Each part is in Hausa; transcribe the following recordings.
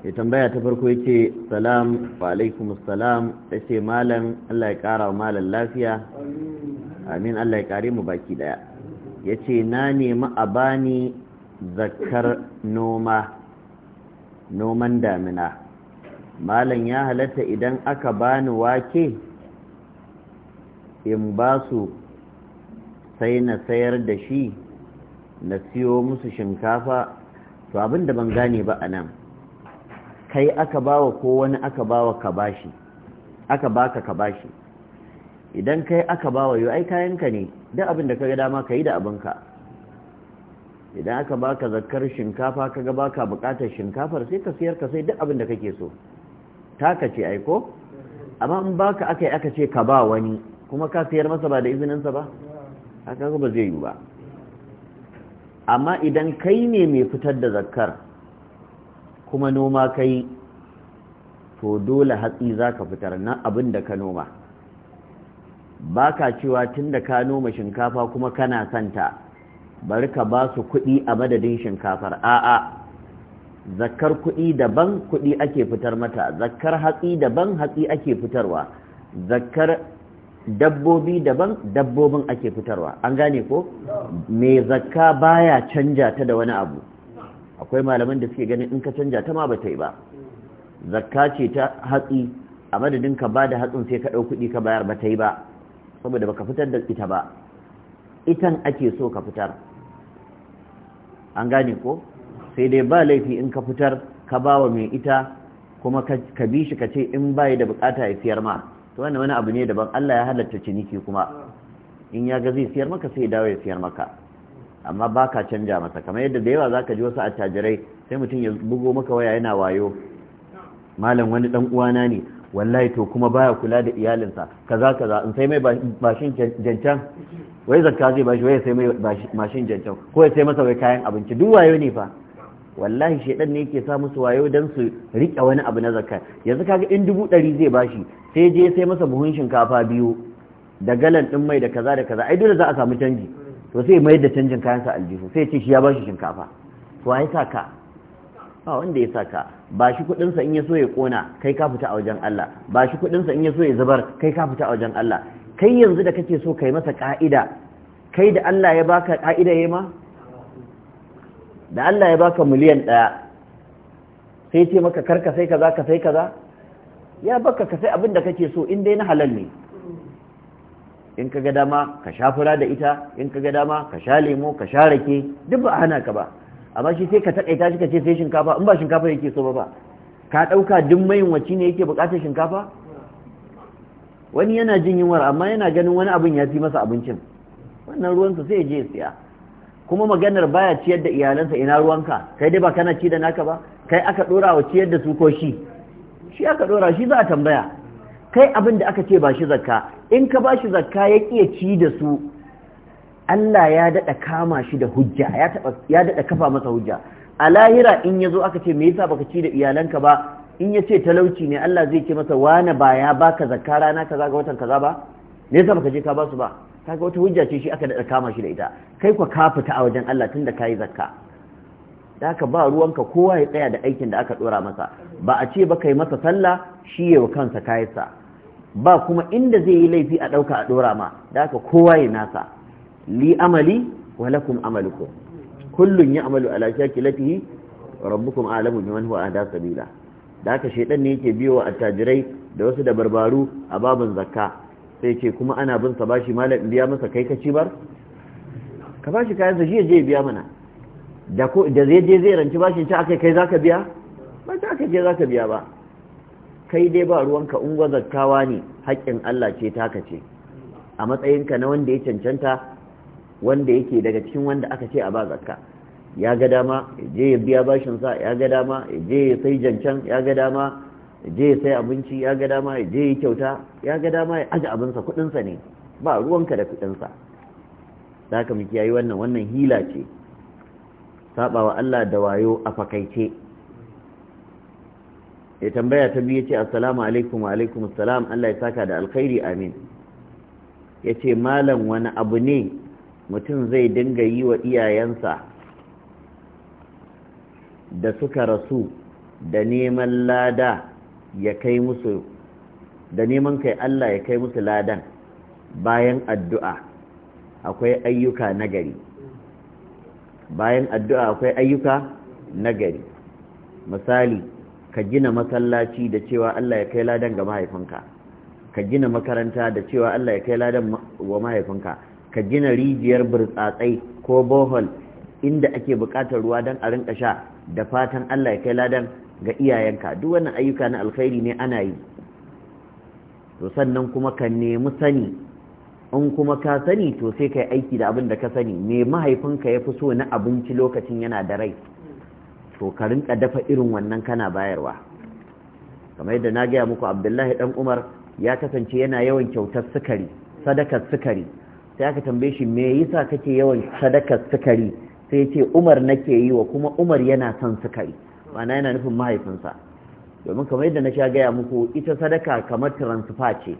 ya tambaya ta farko ya ce salam wa alaikum salam ta ce malam Allah ya kara wa malam lafiya amin Allah ya kare mu baki daya ya ce na nemi a bani zakar noma noman damina malam ya halatta idan aka bani wake in ba su sai na sayar da shi na siyo musu shinkafa to abinda ban gane ba a nan kai aka bawa ko wani aka bawa ka bashi aka baka ka bashi idan kai aka bawa yau ai kayanka ne duk abin da kaga dama ka yi da ka idan aka baka zakkar shinkafa kaga baka bukatar shinkafar sai ka siyar ka sai duk abin da kake so taka ce ai ko amma in baka aka yi aka ce ka ba wani kuma ka siyar masa ba da izininsa ba haka ba zai yi ba amma idan kai ne mai fitar da zakkar kuma noma ka yi to dole hatsi za ka fitar na abin da ka noma ba ka cewa tun da ka noma shinkafa kuma kana santa bari ka ba su kuɗi a madadin shinkafar a'a zakar kuɗi daban kuɗi ake fitar mata zakar hatsi daban hatsi ake fitarwa zakkar dabbobi daban dabbobin ake fitarwa an gane ko me zakka baya canja ta da wani abu akwai malaman da suke ganin in ka canja ta ma ba ta yi ba zakka ce ta hatsi a madadin ka ba da hatsin sai ka ɗau kuɗi ka bayar ba ta yi ba saboda ba ka fitar da ita ba itan ake so ka fitar an gane ko sai dai ba laifi in ka fitar ka ba wa mai ita kuma ka bi shi ka ce in baya da bukata ya siyar ma to wani abu ne daban Allah ya halatta ciniki kuma in ya ga zai siyar maka sai ya dawo ya siyar maka amma ba ka canja masa kamar yadda da yawa za ka ji wasu attajirai sai mutum ya bugo maka waya yana wayo malam wani dan uwana ne wallahi to kuma baya kula da iyalinsa kaza kaza in sai mai bashin jancan wai zakka zai bashi wai sai mai mashin jancan ko sai masa wai kayan abinci duk wayo ne fa wallahi shedan ne yake sa musu wayo dan su rike wani abu na zakka yanzu kaga in dubu ɗari zai bashi sai je sai masa buhun shinkafa biyu da galan din mai da kaza da kaza ai dole za a samu canji to sai mai da canjin kayansa aljihu sai ce shi ya ba shi shinkafa to ai saka ba wanda ya saka ba shi kudinsa in ya so ya kona kai ka fita a wajen Allah ba shi kudinsa in ya so ya zubar kai ka fita a wajen Allah kai yanzu da kake so kai masa ka'ida kai da Allah ya baka ka'ida yema ma da Allah ya baka miliyan daya sai ce maka karka sai kaza ka sai kaza ya baka ka sai abin da kake so in dai na halal ne in ka ga dama ka sha fura da ita in ka ga dama ka sha lemo ka sha rake duk ba hana ka ba amma shi sai ka takaita shi ka ce sai shinkafa in ba shinkafa yake so ba ba ka ɗauka duk mai wacce ne yake buƙatar shinkafa wani yana jin yunwar amma yana ganin wani abin ya fi masa abincin wannan sa sai ya je ya siya kuma maganar baya ciyar da iyalansa ina ruwanka kai dai ba kana ci da naka ba kai aka ɗora wa ciyar da su ko shi shi aka ɗora shi za a tambaya kai abin da aka ce ba shi zakka in ka ba shi zakka ya iya ci da su Allah ya daɗa kama shi da hujja ya daɗa kafa masa hujja a lahira in ya zo aka ce me yasa baka ci da iyalanka ba in ya ce talauci ne Allah zai ce masa wane ba ya baka zakka rana kaza ga watan kaza ba me yasa baka je ka ba su ba kaga wata hujja ce shi aka daɗa kama shi da ita kai kwa ka fita a wajen Allah tunda kayi zakka da haka ba ruwanka kowa ya tsaya da aikin da aka dora masa ba a ce ba yi masa sallah shi wa kansa kayansa ba kuma inda zai yi laifi a ɗauka a ɗora ma da haka kowa ya nasa li amali wa lakum amalukum kullun ya amalu ala lafihi rabbukum a'lamu biman huwa ahda sabila da haka shedan ne yake biyo wa attajirai da wasu da barbaru a babin zakka sai ce kuma ana bin sa bashi malam biya masa kai ka ci bar ka bashi kayan sa shi je biya mana da ko da zai je zai ranci bashin ci akai kai zaka biya ba ta akai je zaka biya ba kai dai ba ruwanka ungwazattawa ne haƙƙin Allah ce taka ce a matsayinka na wanda ya cancanta wanda yake daga cikin wanda aka ce a ba zakka ya ga dama je ya biya bashinsa ya ga dama je ya sai jancan ya ga dama je ya sai abinci ya ga dama je ya kyauta ya ga dama ya aje abinsa kuɗinsa ne ba ruwanka da kuɗinsa za ka mu yi wannan wannan hila ce saɓawa Allah da wayo a fakaice ya tambaya ta biyu ce assalamu alaikum wa alaikum assalam Allah ya saka da alkhairi amin ya ce malam wani abu ne mutum zai dinga yi wa iyayensa da suka rasu da neman lada ya kai musu da neman kai Allah ya kai musu ladan bayan addu'a akwai ayyuka nagari bayan addu'a akwai ayyuka nagari misali ka gina masallaci da cewa Allah ya kai ladan ga mahaifinka ka gina makaranta da cewa Allah ya kai ladan wa mahaifinka ka gina rijiyar burtsatsai ko bohol inda ake buƙatar ruwa don a rinka sha da fatan Allah ya kai ladan ga iyayenka duk wannan ayyuka na alkhairi ne ana yi to sannan kuma ka nemi sani in kuma ka sani to sai ka aiki da abin da ka sani me mahaifinka ya fi so na abinci lokacin yana da rai to ka rinka dafa irin wannan kana bayarwa kamar yadda na gaya muku abdullahi dan umar ya kasance yana yawan kyautar sukari sadakar sukari sai aka tambaye shi me yasa kake yawan sadakar sukari sai ce umar nake yi wa kuma umar yana son sukari ma'ana yana nufin mahaifinsa domin kamar yadda na sha gaya muku ita sadaka kamar tiransifa ce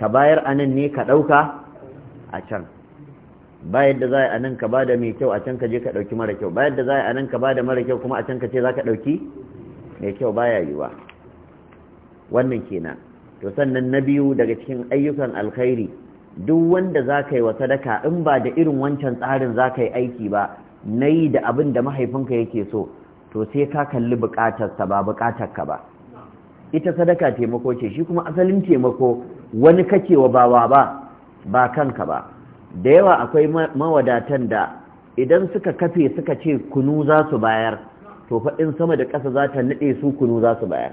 ka bayar a nan ne ka ɗauka a can bayan da za a nan ka ba da mai kyau a can ka je ka ɗauki mara kyau bayan da za a nan ka ba da mara kyau kuma a can ka ce za ka ɗauki mai kyau baya yiwa wannan kenan to sannan na biyu daga cikin ayyukan alkhairi duk wanda za ka yi wa sadaka in ba da irin wancan tsarin za ka yi aiki ba na yi da abin da mahaifinka yake so to sai ka kalli bukatarsa ba ka ba ita sadaka taimako ce shi kuma asalin taimako wani kake wa bawa ba ba kanka ba da yawa akwai mawadatan da idan suka kafe suka ce kunu za su bayar to faɗin sama da ƙasa za ta naɗe su kunu za su bayar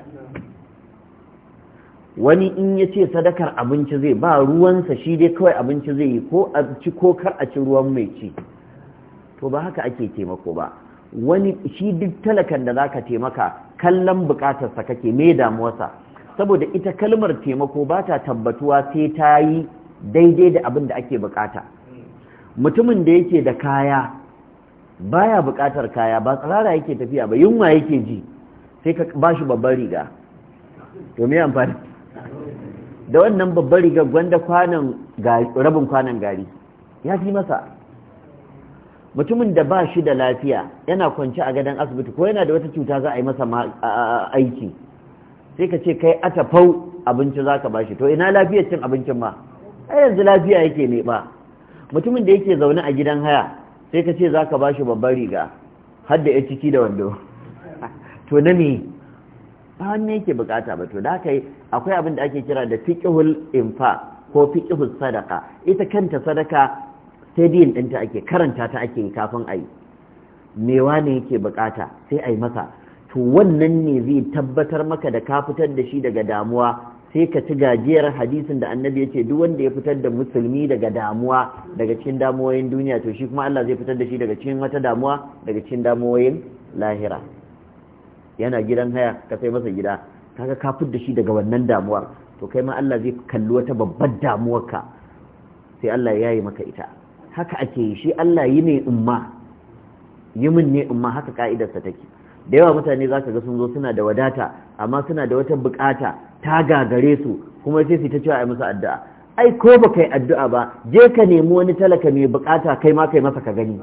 wani in ya ce sadakar abinci zai ba ruwansa shi dai kawai abinci zai yi ko a ci ko kar a ci ruwan mai ci to ba haka ake taimako ba wani shi duk talakan da za ka taimaka kallon bukatarsa kake me damuwarsa saboda ita kalmar taimako ba ta tabbatuwa sai ta yi daidai da abin da ake bukata mutumin da yake da kaya baya bukatar kaya ba tsarara yake tafiya ba yunwa yake ji sai ka bashi babbar riga to me amfani da wannan babbar riga gwanda kwanan rabin kwanan gari ya fi masa mutumin da ba shi da lafiya yana kwanci a gadon asibiti ko yana da wata cuta za a yi masa aiki sai ka ce kai atafau abinci za ka ba shi, to ina lafiyar cin abincin ma ai yanzu lafiya yake ne ba mutumin da yake zaune a gidan haya sai ka ce za ka ba shi babban riga har da ya ciki da wando to na ne ba wani yake bukata ba to da haka akwai abin da ake kira da fiƙihul infa ko fiƙihul sadaka ita kanta sadaka sai biyan ɗinta ake karanta ta ake kafin a yi mewa ne yake bukata sai a yi masa to wannan ne zai tabbatar maka da ka fitar da shi daga damuwa sai ka ci gajiyar hadisin da annabi ya ce duk wanda ya fitar da musulmi daga damuwa daga cikin damuwoyin duniya to shi kuma Allah zai fitar da shi daga cikin wata damuwa daga cikin damuwoyin lahira yana gidan haya ka sai masa gida kaga ka fitar da shi daga wannan damuwar to kai ma Allah zai kalli wata babbar damuwarka sai Allah ya yi maka ita haka ake yi shi Allah yi ne umma yi min ne umma haka ka'idarsa take da yawa mutane za ka ga sun zo suna da wadata amma suna da wata bukata ta gagare su kuma sai su ta cewa yi musu addu'a ai ko ba kai addu'a ba je ka nemi wani talaka mai bukata kai ma kai masa ka gani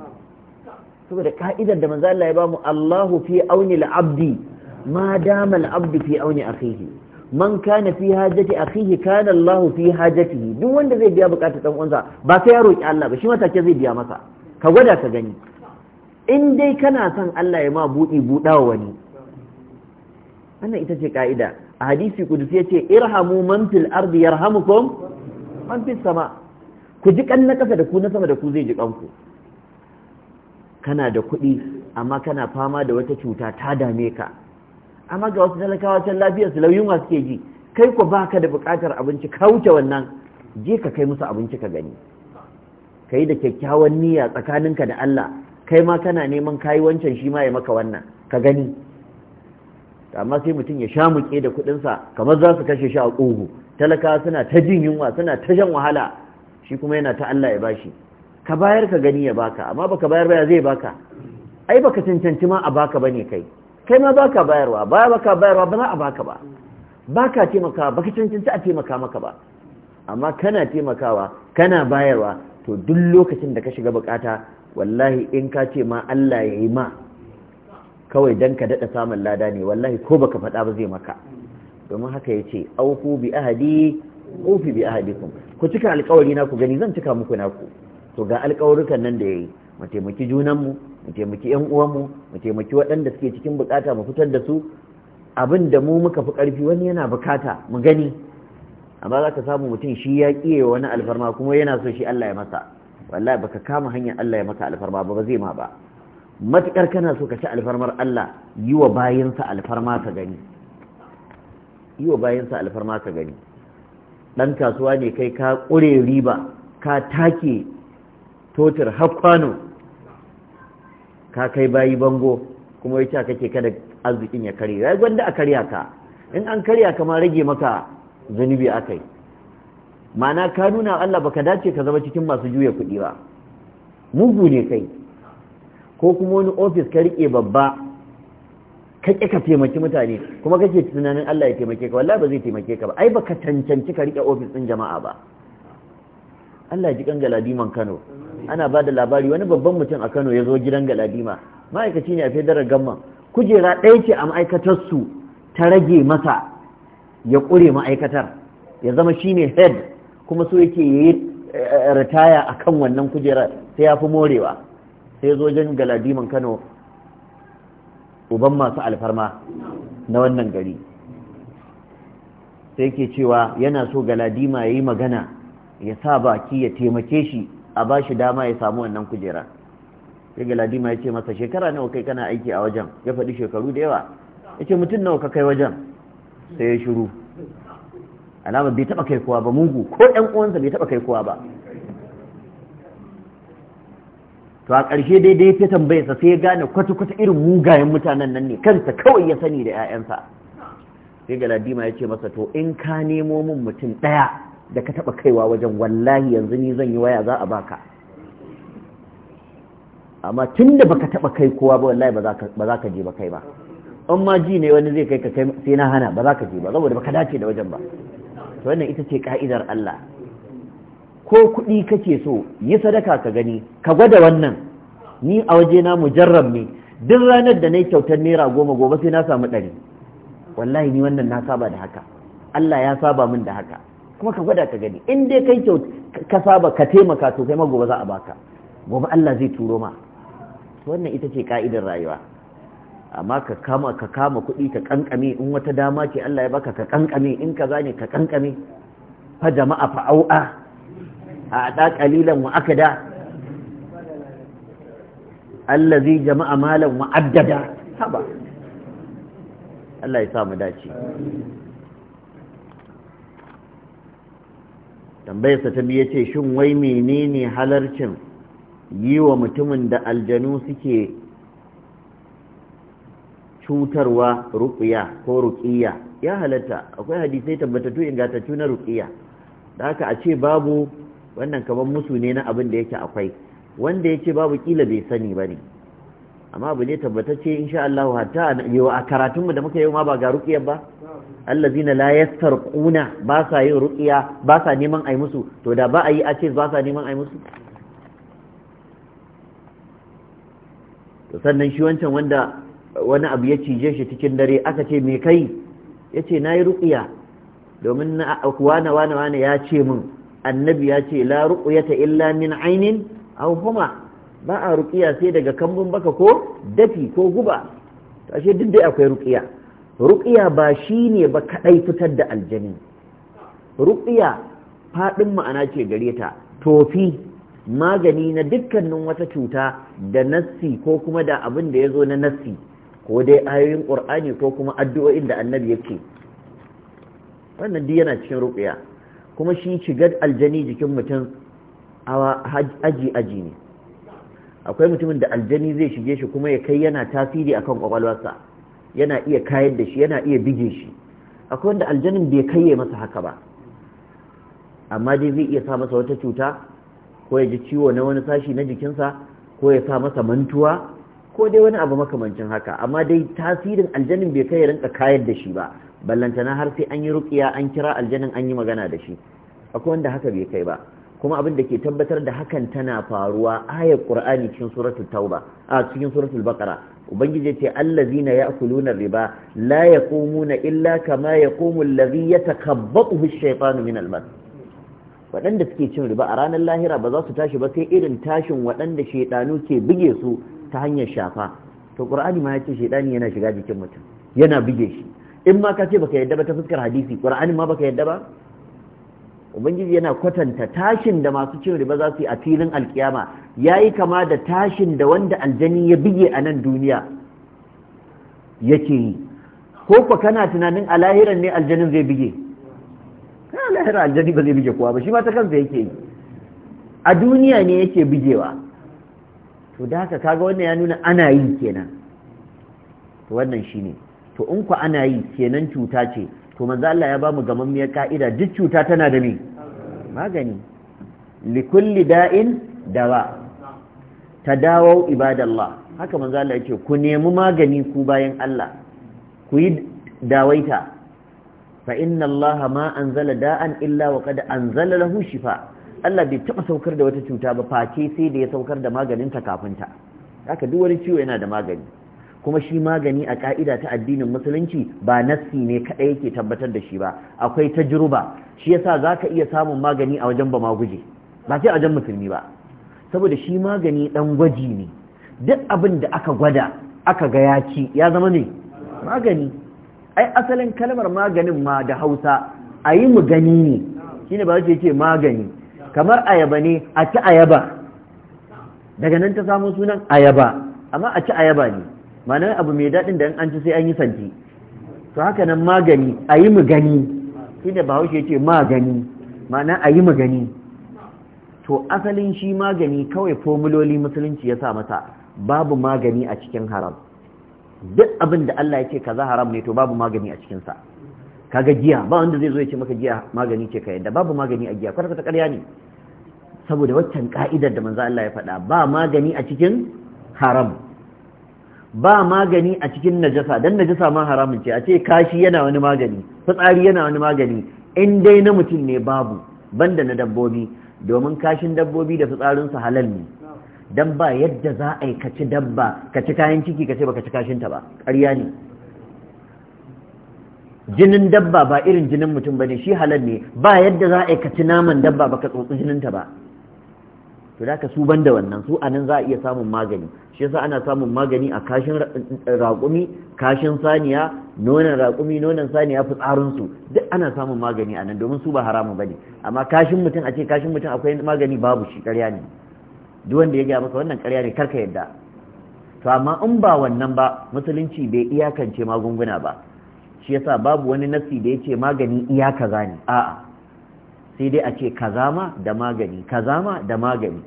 saboda ka'idar da manzo Allah ya bamu Allahu fi auni al-abdi ma dama al-abdu fi auni akhihi man kana fi hajati akhihi kana Allahu fi hajatihi duk wanda zai biya bukatar dan uwansa ba sai ya roki Allah ba shi matake zai biya masa ka gwada ka gani in dai kana son Allah ya ma buɗi buɗawa wani wannan ita ce ka'ida a hadisi kudusi ya ce irhamu man fil ardi yarhamukum man fil sama ku ji kan na kasa da ku na sama da ku zai ji kanku kana da kuɗi amma kana fama da wata cuta ta dame ka amma ga wasu talakawa can lafiyar su wasu ke ji kai ku ka da buƙatar abinci ka wuce wannan je ka kai musu abinci ka gani ka yi da kyakkyawan niyya tsakaninka da Allah kai ma kana neman kayi wancan shi ma ya maka wannan ka gani amma sai mutum ya sha muke da kuɗinsa kamar za su kashe shi a ƙugu talaka suna ta jin yunwa suna ta shan wahala shi kuma yana ta Allah ya bashi ka bayar ka gani ya baka amma baka bayar ba zai baka ai baka cancanci ma a baka bane kai kai ma baka bayarwa baya baka bayarwa ba za a baka ba baka taimakawa baka cancanci a taimaka maka ba amma kana taimakawa kana bayarwa to duk lokacin da ka shiga bukata wallahi in ka ce ma Allah ya yi ma kawai dan ka daɗa samun lada ne wallahi ko baka faɗa ba zai maka domin haka ya ce auku bi ahadi ufi bi ahadikum ku cika alkawari na ku gani zan cika muku na ku to ga alkawarukan nan da yayi mu taimaki junanmu mu taimaki yan uwan mu taimaki waɗanda suke cikin bukata mu fitar da su abin da mu muka fi ƙarfi wani yana bukata mu gani amma za ka samu mutum shi ya ƙiye wani alfarma kuma yana so shi Allah ya masa wallahi baka kama hanyar Allah ya maka alfarma ba ba zai ma ba Matuƙar kana so ka ci alfarmar Allah yi wa bayansa alfarma ka gani yi wa bayansa alfarma ka gani Ɗan kasuwa ne kai ka ƙure riba ka take totir haffano ka kai bayi bango kuma ya ce kake kada arzikin ya karya ya gwanda a karya ka in an karya ka ma rage maka zunubi a kai ma'ana ka nuna Allah baka dace ka zama cikin masu juya kuɗi ba mugu ne kai ko kuma wani ofis ka rike babba ka ƙi ka taimaki mutane kuma kake tunanin Allah ya taimake ka wallahi ba zai taimake ka ba ai baka cancanci ka rike ofis din jama'a ba Allah ya ji kan galadiman Kano ana ba da labari wani babban mutum a Kano ya zo gidan galadima ma'aikaci ne a federal gamman kujera ɗaya ce a ma'aikatar su ta rage masa ya ƙure ma'aikatar ya zama shine head kuma so yake yi eh, eh, ritaya akan wannan kujerar sai ya fi morewa sai zo jin galadiman kano uban masu alfarma na wannan gari sai ke cewa yana so galadima ya yi magana ya sa baki ya taimake shi a ba shi dama ya samu wannan kujera sai galadima ya ce masa shekara nawa kai kana aiki a wajen ya faɗi shekaru da yawa ya ce mutum nawa ka kai wajen sai ya shiru alama bai taɓa kai kowa ba mugu ko ɗan uwansa bai taɓa kai kowa ba to a ƙarshe daidai ta tambayarsa sai ya gane kwata-kwata irin mugayen mutanen nan ne kansa kawai ya sani da 'ya'yansa sai galadima ya ce masa to in ka nemo min mutum ɗaya da ka taɓa kaiwa wajen wallahi yanzu ni zan yi waya za a baka amma tun da baka taɓa kai kowa ba wallahi ba za ka je ba kai ba in ma ji ne wani zai kai ka kai sai na hana ba za ka je ba saboda baka dace da wajen ba to wannan ita ce ka'idar Allah ko kuɗi kake so yi sadaka ka gani ka gwada wannan ni a waje na mujarrab ne duk ranar da na yi kyautar naira goma gobe sai na samu ɗari wallahi ni wannan na saba da haka Allah ya saba min da haka kuma ka gwada ka gani in dai kai kyau ka saba ka taimaka to kai ma gobe za a baka gobe Allah zai turo ma wannan ita ce ka'idar rayuwa amma ka kama ka kama kuɗi ka kankame in wata dama ce Allah ya baka ka kankame in ka ne ka kankame fa jama'a fa au'a a ada qalilan wa akada allazi jama'a malan wa addada haba Allah ya sa mu dace tambayarsa ta biye ce shin wai menene halarcin yi wa mutumin da aljanu suke cutarwa ruƙiya ko ruƙiya ya halatta akwai hadisai tabbatattu ingantattu na ruƙiya da haka a ce babu wannan kamar musu ne na abin da yake akwai wanda ya ce babu kila bai sani ba ne amma abu ne tabbatacce insha Allah hatta a karatunmu da muka yi ma ba ga ruqiyar ba allazina la yastarquna ba sa yin ruqiya ba sa neman ai musu to da ba a yi a ce ba sa neman ai musu to sannan shi wancan wanda wani abu ya cije shi cikin dare aka ce me kai yace nayi ruqiya domin na kuwa wane wane ya ce min annabi ya ce la ruqyata illa min ainin aw huma ba a ruqiya sai daga kambun baka ko dafi ko guba ashe duk dai akwai ruqiya ruqiya ba shine ba kadai fitar da aljani ruqiya fadin ma'ana ce gare ta tofi magani na dukkanin wata cuta da nassi ko kuma da abin da ya zo na nassi ko dai ayoyin qur'ani ko kuma addu'o'in da annabi yake wannan duk yana cikin ruqiya kuma shi shigar aljani jikin mutum a aji aji ne akwai mutumin da aljani zai shige shi kuma ya kai yana tasiri akan kwakwalwarsa yana iya kayar da shi yana iya bige shi akwai wanda aljanin bai kaiye masa haka ba amma dai zai iya sa masa wata cuta ko ya ji ciwo na wani sashi na jikinsa ko ya sa masa mantuwa ko dai wani abu makamancin haka amma dai tasirin aljanin bai kai rinka kayar da shi ba ballantana har sai an yi rukiya an kira aljanin an yi magana da shi akwai wanda haka bai kai ba kuma abin da ke tabbatar da hakan tana faruwa ayar qur'ani cikin suratul tauba a cikin suratul baqara ubangiji ce allazina ya'kuluna riba la yaqumuna illa kama yaqumu allazi yatakabbathu ash-shaytanu min al-mas waɗanda suke cin riba a ranar lahira ba za su tashi ba sai irin tashin waɗanda shaiɗanu ke buge su ta hanyar shafa to qur'ani ma yace shedani yana shiga jikin mutum yana bige shi in ma ka ce baka yadda ba ta fuskar hadisi qur'ani ma baka yadda ba ubangiji yana kwatanta tashin da masu cin riba za su yi a filin alkiyama yayi kama da tashin da wanda aljani ya bige a nan duniya yake yi ko kwa kana tunanin a lahiran ne aljanin zai bige kana lahiran aljani ba zai bige kowa ba shi ma ta kansa yake yi a duniya ne yake bigewa to da haka kaga wannan ya nuna ana yi kenan to wannan shine to in ku ana yi kenan cuta ce to manzo Allah ya bamu gamammiyar ka'ida duk cuta tana da me magani likulli da'in dawa Ta dawo ibadallah haka manzo Allah yake ku nemi magani ku bayan Allah ku yi dawaita fa inna Allah ma anzala da'an illa wa qad anzala lahu shifa Allah bai taɓa saukar da wata cuta ba face sai da ya saukar da maganinta kafin ta haka duk wani ciwo yana da magani kuma shi magani a ka'ida ta addinin musulunci ba nassi ne kaɗai yake tabbatar da shi ba akwai tajruba shi yasa za ka iya samun magani a wajen ba ma guje ba sai a wajen musulmi ba saboda shi magani ɗan gwaji ne duk abin da aka gwada aka ga ya ci ya zama ne magani ai asalin kalmar maganin ma da hausa ayi mu gani ne shi ne ba ce magani kamar ayaba ne a ci ayaba daga nan ta samo sunan ayaba amma a ci ayaba ne ma'ana abu mai daɗin da an ci sai an yi santi to haka nan magani a yi gani shi da bahaushe ce magani ma'ana a yi gani to asalin shi magani kawai formuloli musulunci ya sa masa babu magani a cikin haram duk abin da Allah ya ce kaza haram ne to babu magani a cikinsa kaga giya ba wanda zai zo ya ce maka giya magani ce ka yadda babu magani a giya kwata-kwata ƙarya ne saboda waccan ka'idar da manzo Allah ya faɗa ba magani a cikin haram ba magani a cikin najasa dan najasa ma haramun ce a ce kashi yana wani magani fitsari yana wani magani in dai na mutum ne babu banda na dabbobi domin kashin dabbobi da fitsarin fitsarinsu halal ne dan ba yadda za a yi ka dabba ka kayan ciki kace ce baka ci kashinta ba ƙarya ne jinin dabba ba irin jinin mutum bane shi halal ne ba yadda za a kaci naman dabba ba ka tsotsi jininta ba to da ka su banda wannan su a nan za a iya samun magani shi yasa ana samun magani a kashin raƙumi kashin saniya nonon raƙumi nonon saniya fitsarin su duk ana samun magani a nan domin su ba haramu bane amma kashin mutum a ce kashin mutum akwai magani babu shi ƙarya ne duk wanda ya gaya maka wannan ƙarya ne karka yadda to amma in ba wannan ba musulunci bai iyakance magunguna ba shi yasa babu wani nasi da ce magani iya kaza ne a'a sai dai a ce kaza ma da magani kaza ma da magani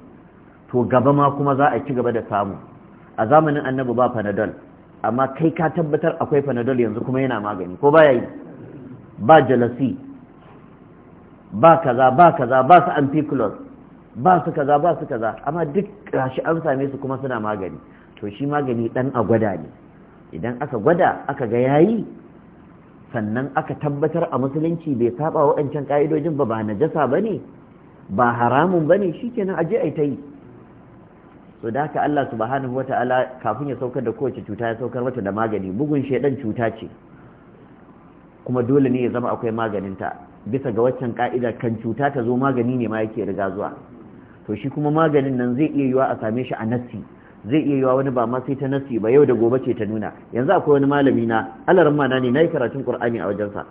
to gaba ma kuma za a ci gaba da samu a zamanin annabi ba panadol amma kai ka tabbatar akwai panadol yanzu kuma yana magani ko ba yi ba jalasi ba kaza ba kaza ba su ampiculus ba su kaza ba su kaza amma duk rashi an same su kuma suna magani to shi magani dan a gwada ne idan aka gwada aka ga yayi sannan aka tabbatar a musulunci bai saba waɗancan ka'idojin ba ba najasa ba ne ba haramun ba ne shi kenan aje a ta yi so da haka Allah subhanahu wa ta'ala kafin ya saukar da kowace cuta ya saukar mata da magani bugun shaidan cuta ce kuma dole ne ya zama akwai maganinta bisa ga waccan ka'ida kan cuta ta zo magani ne ma yake riga zuwa to shi kuma maganin nan zai iya yiwa a same shi a nassi zai iya yiwa wani ba ma sai ta nasi ba yau da gobe ce ta nuna yanzu akwai wani malami na alarin mana ne nayi karatun qur'ani a wajensa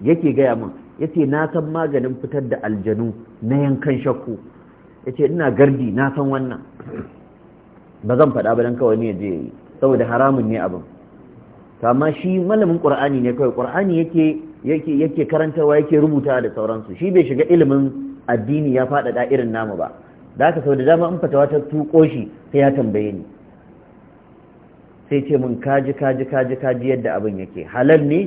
yake gaya min yace na san maganin fitar da aljanu na yankan shakku yace ina gardi na san wannan ba zan faɗa ba dan kawai ne je yi saboda haramun ne abin amma shi malamin qur'ani ne kawai qur'ani yake yake yake karantawa yake rubuta da sauransu shi bai shiga ilimin addini ya faɗaɗa irin namu ba da aka sau da dama in fata wata tuko shi sai ya tambaye ni sai ce mun kaji kaji kaji kaji yadda abin yake halal ne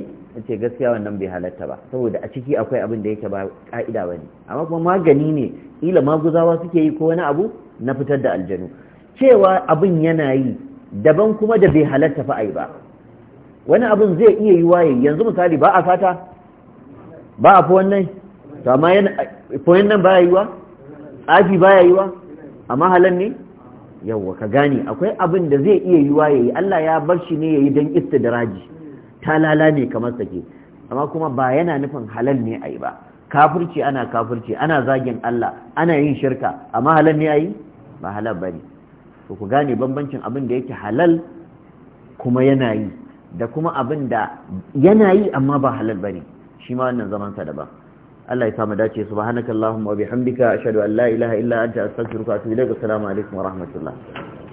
ce gaskiya wannan bai halatta ba saboda a ciki akwai abin da yake ba ka'ida ba ne amma kuma magani ne ila maguzawa suke yi ko wani abu na fitar da aljanu cewa abin yana yi daban kuma da bai halatta fa ai ba wani abin zai iya yi waye yanzu misali ba a fata ba a fi wannan to amma yana nan ba yi wa tsafi baya yiwa amma mahalan ne yawwa ka gane akwai abin da zai iya yiwa yi. Allah ya bar shi ne ya yi don yayi dan raji. talala ne kamar sake amma kuma ba yana nufin halal ne a yi ba kafirci ana kafirci ana zagin Allah ana yin shirka amma mahalan ne a yi? ba halal ne to ku gane bambancin abin da yake halal kuma yana yi da kuma abin da yana yi amma ba halal bane shi ma wannan zamansa daban Allah ya samu dace subhanakallahumma wa bihamdika ashhadu an la ilaha illa anta astaghfiruka wa atubu ilaik assalamu alaikum wa rahmatullah